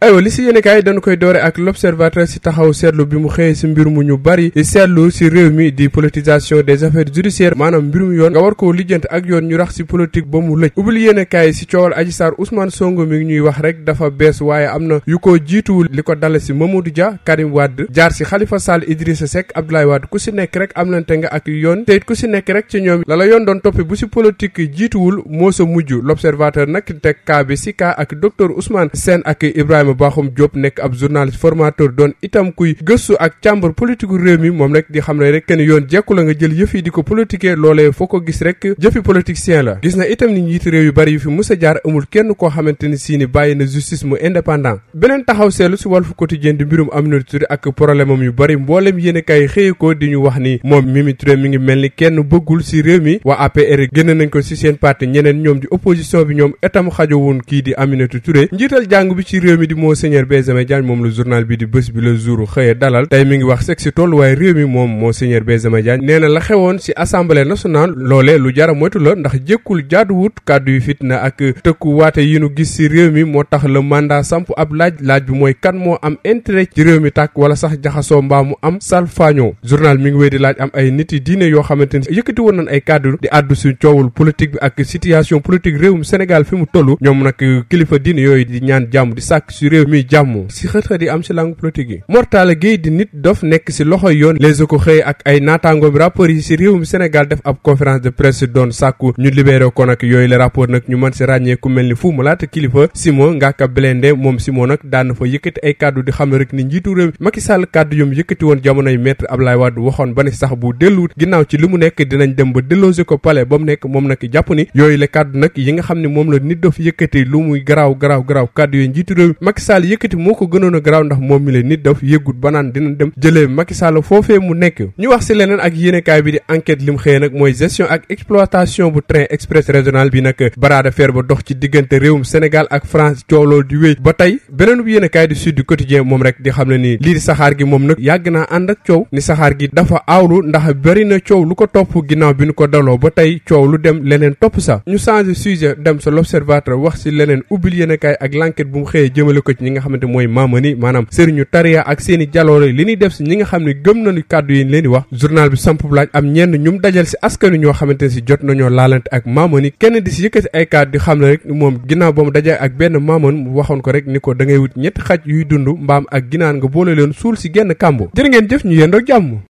aywa li si yéenekaay dañu koy doore ak l'observateur si taxaw seetlu bi mu xëyee si mbir mu ñu bari seetlu si réew mi di politisation des affaires judiciaires maanaam mbir mu yoon nga war koo lijjant ak yoon ñu rax si politique ba mu lëj ubbil yéenekaay si coowal Adji Sarr Ousmane Sonko mi ngi ñuy wax rek dafa bees waaye am na yu ko jiituwul li ko dale si Mamadou Dia Karim wadd jaar si Khalifa Sall Idrissa Seck Abdoulaye Wade ku si nekk rek am lante nga ak yoon te ku si nekk rek ci ñoom la yoon doon toppi bu si politique jiituwul moo sa mujj l'observateur nag teg kaa bi si kaa ak docteur Ousmane Sène ak Ibrahima Ibrahima Bakhoum Diop nekk ab journaliste formateur doon itam kuy gëstu ak càmbar politique réew mi moom nag di xam ne rek kenn yoon jekku la nga jël yëf di ko politiquer loolee foo ko gis rek jëfi politicien la gis na itam ni njiiti réew yu bari yu fi musa jaar amul kenn koo xamante ni ni bàyyi na justice mu indépendant beneen taxaw seetlu si Walf Quotidien di mbirum Aminata Touré ak problème yu bari mboolem yéen kay ko di ñu wax ni moom Mimi Monseigneur Benjamin Diagne moom la journal bi di bés bi la jour xëye dalal tey mi ngi wax seg si tolluwaay réew mi moom Monseigneur Benjamin Diagne nee na la xewoon si assemblée nationale loolee lu jara moytu la ndax jékkul jaaduwut kàddu yu fitna ak tëkku waate yi nu gis si réew mi moo tax la mandat samp ab laaj laaj bi mooy kan moo am intérêt ci réew mi tàkk wala sax jaxasoo mbaa mu am salfaañoo journal mi ngi wéy di laaj am ay nit yi diine yoo xamante ni di àddu si coowul politique ak situation politique réewum Sénégal fi mu toll ñoom nag kilifa ci réew mi jàmm si xët-xët yi am si langue politique yi Mortala Gueye di nit dof nekk si loxo yoon les ko xëy ak ay naataangoom rapport yi si réewum Sénégal def ab conférence de presse doon sàkku ñu libéré ko nag yooyu la rapport nag ñu mën si ràññee mel ni fu mu laata kilifa Simon Ngaka Blindé moom Simon nag daan fa yëkkati ay kàddu di xam rek ni njiitu réew Macky Sall kàddu yom yëkkati woon jamonoy maître Ablaye Wade waxoon ba ni Macky Sall yëkkati moo ko gënoon a garaaw ndax moom mi la nit daf yëggut ba naan dina dem jëlee Macky Sall foofee mu nekk ñu wax si leneen ak yenekaay bi di enquête lim xëyee nag mooy gestion ak exploitation bu train express régional bi nag baraada de fer ba dox ci diggante réewum senegal ak France coow loolu di wéy ba tey beneen bu yéenekaay di Sud du Quotidien moom rek di xam ne ni lii saxaar gi moom nag yàgg naa ànd ak coow ni saxaar gi dafa aawlu ndax bëri na coow lu ko topp ginnaaw bi ñu ko daloo ba tey coow lu dem leneen topp sa ñu changé sujet dem sa l'observateur wax si leneen ubbil yéenekaay ak l'enquête bu mu xëyee jëmale ko ci ñi nga xamante mooy maamani maanaam sëriñu tariya ak seen i jaloore li ñuy def si ñi nga xam ne gëm nañu kàddu yi leen di wax journal bi samp laaj am ñenn ñum dajal si askanu ñoo xamante ne si jot nañoo laalante ak maamani kenn di si yëkkati ay kàddu di xam ne rek moom ginnaaw ba mu dajee ak benn maaman mu waxoon ko rek ni ko da ngay wut ñetti xaj yuy dund mbaam ak ginaan nga boole leen suul si genn kàmbu jërë ngeen jëf ñu yendoo jàmm